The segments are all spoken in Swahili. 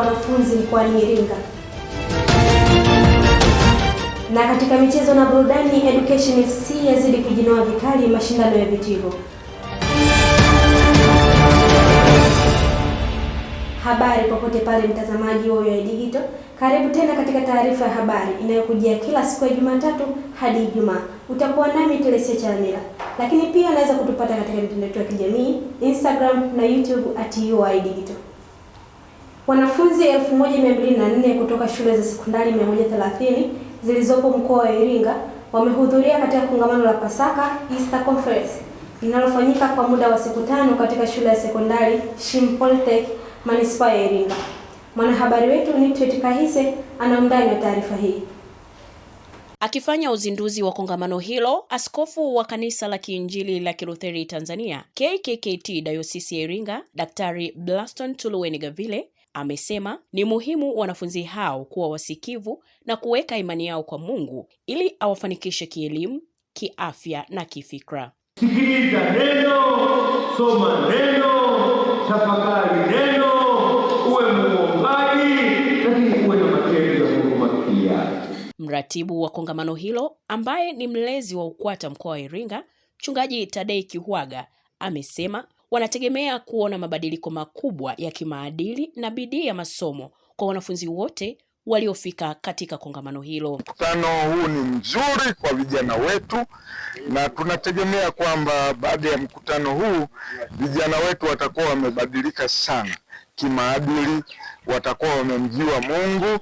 wanafunzi mkoani Iringa. Na katika michezo na burudani, Education FC yazidi kujinoa vikali mashindano ya vitivo. Habari popote pale mtazamaji wa UoI Digital, karibu tena katika taarifa ya habari inayokujia kila siku ya Jumatatu hadi Ijumaa. Utakuwa nami Telesia Chalamila, lakini pia unaweza kutupata katika mitandao yetu ya kijamii Instagram na YouTube at UoI Digital. Wanafunzi 1204 kutoka shule za sekondari 130 zilizopo mkoa wa Iringa wamehudhuria katika kongamano la Pasaka Easter Conference linalofanyika kwa muda wa siku tano katika shule ya sekondari Shimpoletech manispaa ya Iringa. Mwanahabari wetu Nitwet Kahise ana undani wa taarifa hii. Akifanya uzinduzi wa kongamano hilo, askofu wa kanisa la Kiinjili la Kilutheri Tanzania KKKT Dayosisi ya Iringa Daktari Blaston Tuluweni Gavile Amesema ni muhimu wanafunzi hao kuwa wasikivu na kuweka imani yao kwa Mungu ili awafanikishe kielimu, kiafya na kifikra. Sikiliza neno, soma neno, tafakari neno, uwe muombaji, lakini uwe na matendo ya huruma pia. Mratibu wa kongamano hilo ambaye ni mlezi wa UKWATA mkoa wa Iringa, Mchungaji Tadei Kihwaga amesema wanategemea kuona mabadiliko makubwa ya kimaadili na bidii ya masomo kwa wanafunzi wote waliofika katika kongamano hilo. Mkutano huu ni mzuri kwa vijana wetu, na tunategemea kwamba baada ya mkutano huu vijana wetu watakuwa wamebadilika sana kimaadili, watakuwa wamemjua Mungu,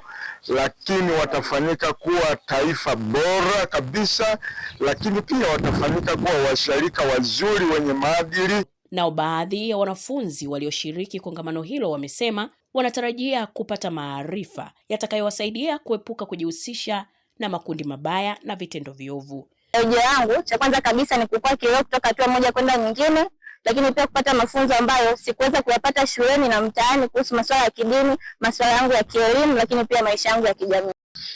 lakini watafanyika kuwa taifa bora kabisa, lakini pia watafanyika kuwa washirika wazuri wenye maadili. Nao baadhi ya wanafunzi walioshiriki kongamano hilo wamesema wanatarajia kupata maarifa yatakayowasaidia kuepuka kujihusisha na makundi mabaya na vitendo viovu. Ujo wangu cha kwanza kabisa ni kukua kiroho kutoka hatua moja kwenda nyingine, lakini pia kupata mafunzo ambayo sikuweza kuyapata shuleni na mtaani kuhusu masuala ya kidini, masuala yangu ya kielimu, lakini pia maisha yangu ya kijamii.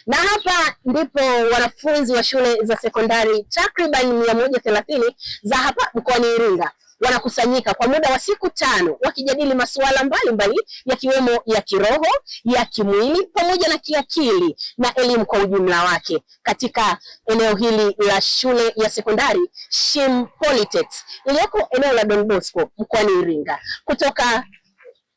Na hapa ndipo wanafunzi wa shule za sekondari takriban mia moja thelathini za hapa mkoani Iringa wanakusanyika kwa muda wa siku tano wakijadili masuala mbalimbali yakiwemo ya kiroho, ya kimwili pamoja na kiakili na elimu kwa ujumla wake katika eneo hili la shule ya sekondari Shim Polytechnic iliyoko eneo la Don Bosco mkoani Iringa. Kutoka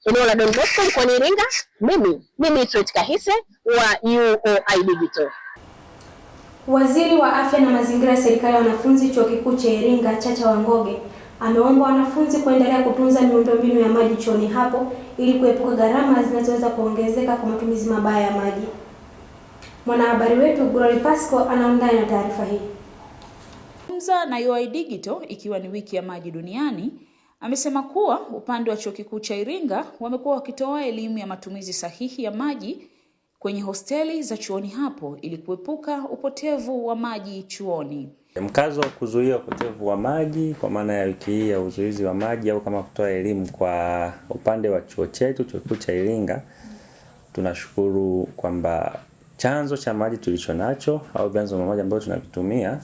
eneo la Don Bosco mkoani Iringa, mimi mimi Tret Kahise wa UoI Digital. Waziri wa Afya na Mazingira ya Serikali ya Wanafunzi Chuo Kikuu cha Iringa Chacha Wangoge Ameomba wanafunzi kuendelea kutunza miundombinu ya maji chuoni hapo ili kuepuka gharama zinazoweza kuongezeka kwa matumizi mabaya ya maji. Mwanahabari wetu Glory Pasco anaungana na taarifa hii. Tunza na UoI Digital ikiwa ni wiki ya maji duniani, amesema kuwa upande wa Chuo Kikuu cha Iringa wamekuwa wakitoa elimu ya matumizi sahihi ya maji kwenye hosteli za chuoni hapo ili kuepuka upotevu wa maji chuoni. Mkazo wa kuzuia upotevu wa maji kwa maana ya wiki hii ya uzuizi wa maji au kama kutoa elimu kwa upande wa chuo chetu, chuo kikuu cha Iringa, tunashukuru kwamba chanzo cha maji tulicho nacho au vyanzo vya maji ambavyo tunavitumia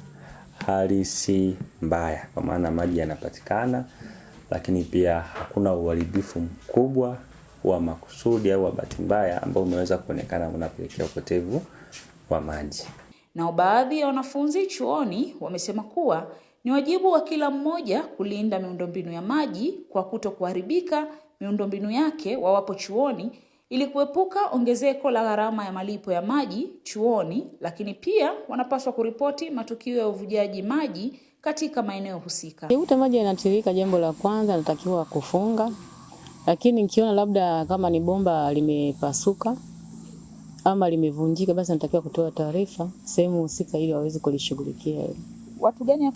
hali si mbaya, kwa maana maji yanapatikana, lakini pia hakuna uharibifu mkubwa wa makusudi au wa bahati mbaya ambao umeweza kuonekana unapelekea upotevu wa maji. Nao baadhi ya wanafunzi chuoni wamesema kuwa ni wajibu wa kila mmoja kulinda miundombinu ya maji kwa kuto kuharibika miundombinu yake wawapo chuoni ili kuepuka ongezeko la gharama ya malipo ya maji chuoni, lakini pia wanapaswa kuripoti matukio ya uvujaji maji katika maeneo husika. Kiuta maji yanatiririka, jambo la kwanza natakiwa kufunga, lakini nikiona labda kama ni bomba limepasuka ama limevunjika, basi anatakiwa kutoa taarifa sehemu husika ili waweze kulishughulikia. Watu gani?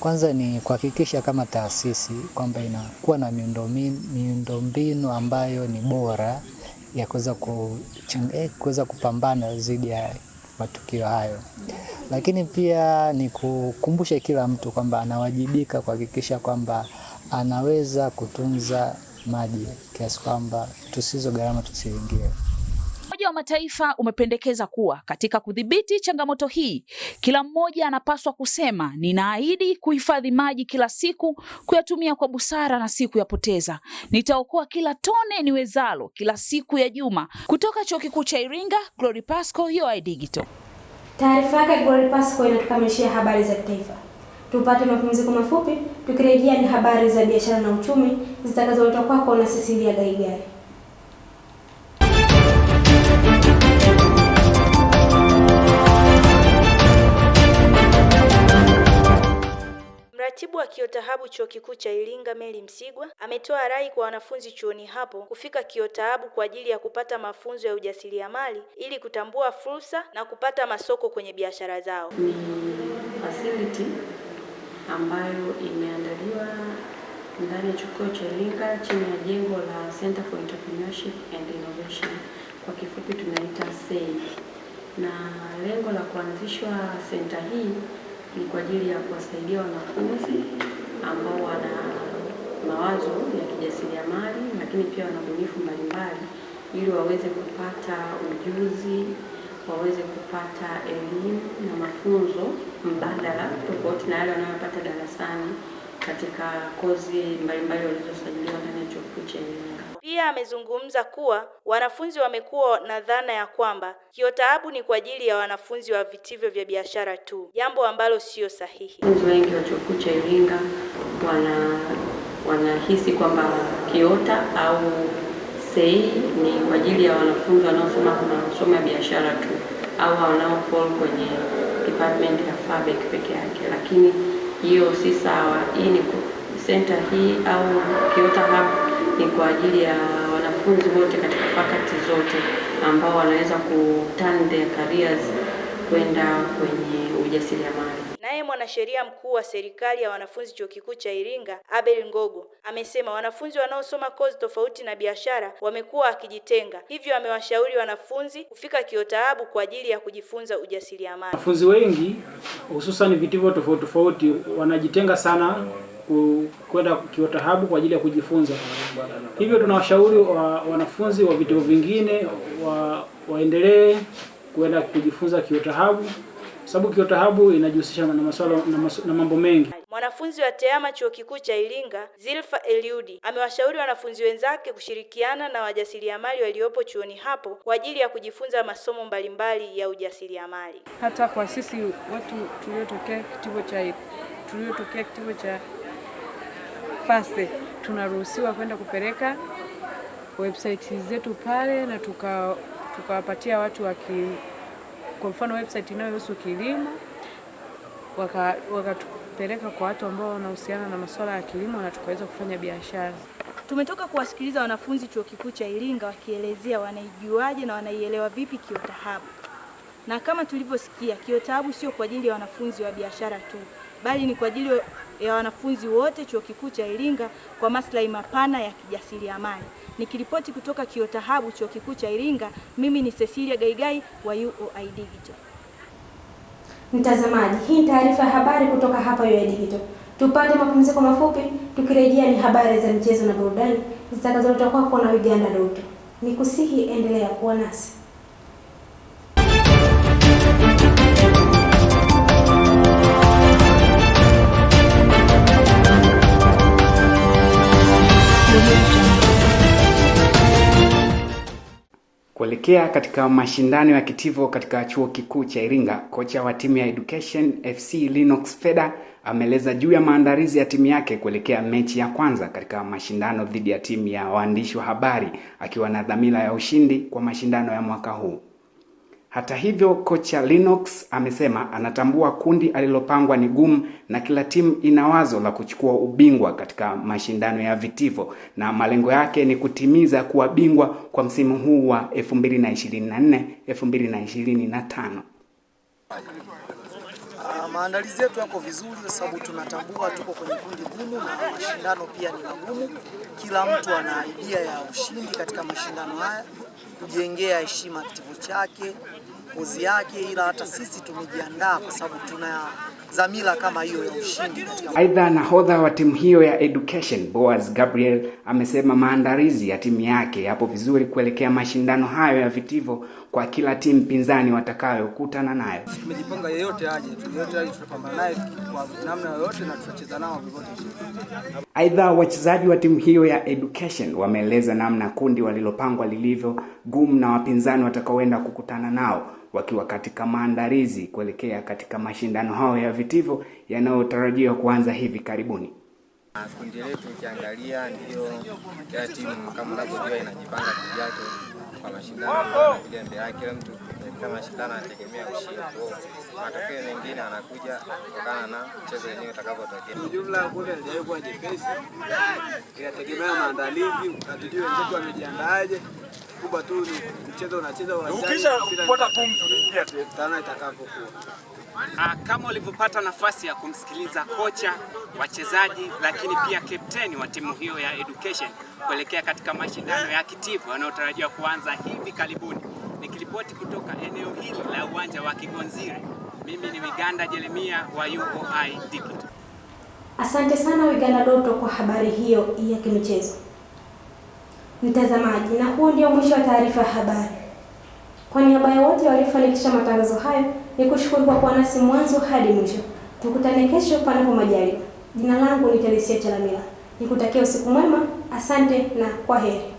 Kwanza ni kuhakikisha kama taasisi kwamba inakuwa na miundombinu ambayo ni bora ya eh, kuweza kupambana dhidi ya matukio hayo, lakini pia ni kukumbusha kila mtu kwamba anawajibika kuhakikisha kwamba anaweza kutunza maji kiasi kwamba tusizo gharama tusiingie wa Mataifa umependekeza kuwa katika kudhibiti changamoto hii, kila mmoja anapaswa kusema ninaahidi kuhifadhi maji kila siku, kuyatumia kwa busara na si kuyapoteza. Nitaokoa kila tone niwezalo kila siku ya juma. Kutoka Chuo Kikuu cha Iringa, Glory Pasco, UoI Digital. Taarifa yake Glory Pasco inatukamilishia habari za kitaifa. Tupate mapumziko mafupi, tukirejea ni habari za biashara na uchumi zitakazoletwa kwako na Cecilia Gaigai. Mratibu wa kiotahabu chuo kikuu cha Iringa meli Msigwa ametoa rai kwa wanafunzi chuoni hapo kufika kiotahabu kwa ajili ya kupata mafunzo ya ujasiriamali ili kutambua fursa na kupata masoko kwenye biashara zao. Ni facility ambayo imeandaliwa ndani ya chuo kikuu cha Iringa chini ya jengo la Center for Entrepreneurship and Innovation, kwa kifupi tunaita SEI, na lengo la kuanzishwa senta hii ni kwa ajili ya kuwasaidia wanafunzi ambao wana mawazo ya kijasiriamali, lakini pia wana bunifu mbalimbali, ili waweze kupata ujuzi, waweze kupata elimu na mafunzo mbadala tofauti na yale wanayopata darasani katika kozi mbalimbali walizosajiliwa ndani pia amezungumza kuwa wanafunzi wamekuwa na dhana ya kwamba kiotaabu ni kwa ajili ya wanafunzi wa vitivyo vya biashara tu, jambo ambalo sio sahihi. Wanafunzi wengi wa Chuo Kikuu cha Iringa wana wanahisi kwamba Kiota au sei ni kwa ajili ya wanafunzi wanaosoma masomo ya biashara tu au wanaofall kwenye department ya fabric peke yake, lakini hiyo si sawa. Hii ni center hii au Kiota hapa ni kwa ajili ya wanafunzi wote katika fakati zote ambao wanaweza turn their careers kwenda kwenye ujasiriamali. Naye mwanasheria mkuu wa serikali ya wanafunzi chuo kikuu cha Iringa, Abel Ngogo, amesema wanafunzi wanaosoma kozi tofauti na biashara wamekuwa wakijitenga, hivyo amewashauri wanafunzi kufika Kiotaabu kwa ajili ya kujifunza ujasiriamali. Wanafunzi wengi hususan vitivo tofauti tofauti wanajitenga sana kwenda kiwatahabu kwa ajili ya kujifunza. Hivyo tunawashauri wa, wanafunzi wa vituo vingine wa, waendelee kwenda kujifunza kiwatahabu, sababu kiotahabu inajihusisha na masuala na, masu, na mambo mengi. Mwanafunzi wa TEHAMA chuo kikuu cha Iringa, Zilfa Eliudi amewashauri wanafunzi wenzake kushirikiana na wajasiriamali waliopo chuoni hapo kwa ajili ya kujifunza masomo mbalimbali ya ujasiriamali. Hata kwa sisi watu tuliotokea kitivo cha tuliotokea kitivo cha first tunaruhusiwa kwenda kupeleka website zetu pale na tukawapatia watu waki, kwa mfano website inayohusu kilimo wakatupeleka waka kwa watu ambao wanahusiana na masuala ya kilimo na tukaweza kufanya biashara. Tumetoka kuwasikiliza wanafunzi chuo kikuu cha Iringa wakielezea wanaijuaje na wanaielewa vipi Kyota na kama tulivyosikia, Kio sio kwa ajili ya wanafunzi wa biashara tu, bali ni kwa ajili ya wanafunzi wote Chuo Kikuu cha Iringa kwa maslahi mapana ya kijasiriamali. Nikiripoti kutoka Kio Taabu, Chuo Kikuu cha Iringa, mimi ni Cecilia Gaigai wa UoI Digital. Mtazamaji, hii ni taarifa ya habari kutoka hapa UoI Digital. Tupate mapumziko mafupi, tukirejea ni habari za michezo na burudani zitakazotoka kwako na Uganda Doto. Nikusihi endelea kuwa nasi. Kuelekea katika mashindano ya kitivo katika chuo kikuu cha Iringa, kocha wa timu ya Education FC Linox Feda ameeleza juu ya maandalizi ya timu yake kuelekea mechi ya kwanza katika mashindano dhidi ya timu ya waandishi wa habari, akiwa na dhamira ya ushindi kwa mashindano ya mwaka huu. Hata hivyo, kocha Linox amesema anatambua kundi alilopangwa ni gumu na kila timu ina wazo la kuchukua ubingwa katika mashindano ya Vitivo na malengo yake ni kutimiza kuwa bingwa kwa msimu huu wa 2024 2025. Ah, maandalizi yetu yako vizuri kwa sababu tunatambua tuko kwenye kundi gumu na mashindano pia ni magumu. Kila mtu ana idea ya ushindi katika mashindano haya, kujengea heshima kitivo chake kozi yake, ila hata sisi tumejiandaa kwa sababu tuna dhamira kama hiyo ya ushindi. Aidha, nahodha wa timu hiyo ya Education Boaz Gabriel amesema maandalizi ya timu yake yapo vizuri kuelekea mashindano hayo ya vitivo kwa kila timu pinzani watakayokutana nayo. Tumejipanga yeyote aje, yeyote aje tutapambana naye kwa namna yoyote na tutacheza nao vivyo. Aidha, wachezaji wa timu hiyo ya Education wameeleza namna kundi walilopangwa lilivyo gumu na wapinzani watakaoenda kukutana nao wakiwa katika maandalizi kuelekea katika mashindano hayo ya vitivo yanayotarajiwa kuanza hivi karibuni. Kundi letu ukiangalia ndio ya timu kama unavyojua inajipanga kivyake kwa mashindano anakuja mbele yake, kila mtu katika mashindano anategemea ushindi. Matokeo mengine anakuja kutokana na mchezo wenyewe utakavyotokea. Jumla kundi halijakuwa jepesi, inategemea maandalizi, ukatujua wenzetu wamejiandaaje kubwa tu ni mchezo unacheza uwanjani, ukisha kupata pumzi unaingia tena itakapokuwa. Ah, kama ulivyopata nafasi ya kumsikiliza kocha, wachezaji, lakini pia kapteni wa timu hiyo ya Education kuelekea katika mashindano ya kitivo yanayotarajiwa kuanza hivi karibuni. Nikiripoti kutoka eneo hili la uwanja wa Kigonzire, mimi ni Wiganda Jeremia wa UOI Digital. Asante sana Wiganda Doto kwa habari hiyo ya kimichezo. Mtazamaji, na huu ndio mwisho wa taarifa ya habari. Kwa niaba ya wote waliofanikisha matangazo hayo, ni kushukuru kwa kuwa nasi mwanzo hadi mwisho. Tukutane kesho, panapo majaliwa. Jina langu ni Telesia Chalamila, nikutakia usiku mwema. Asante na kwa heri.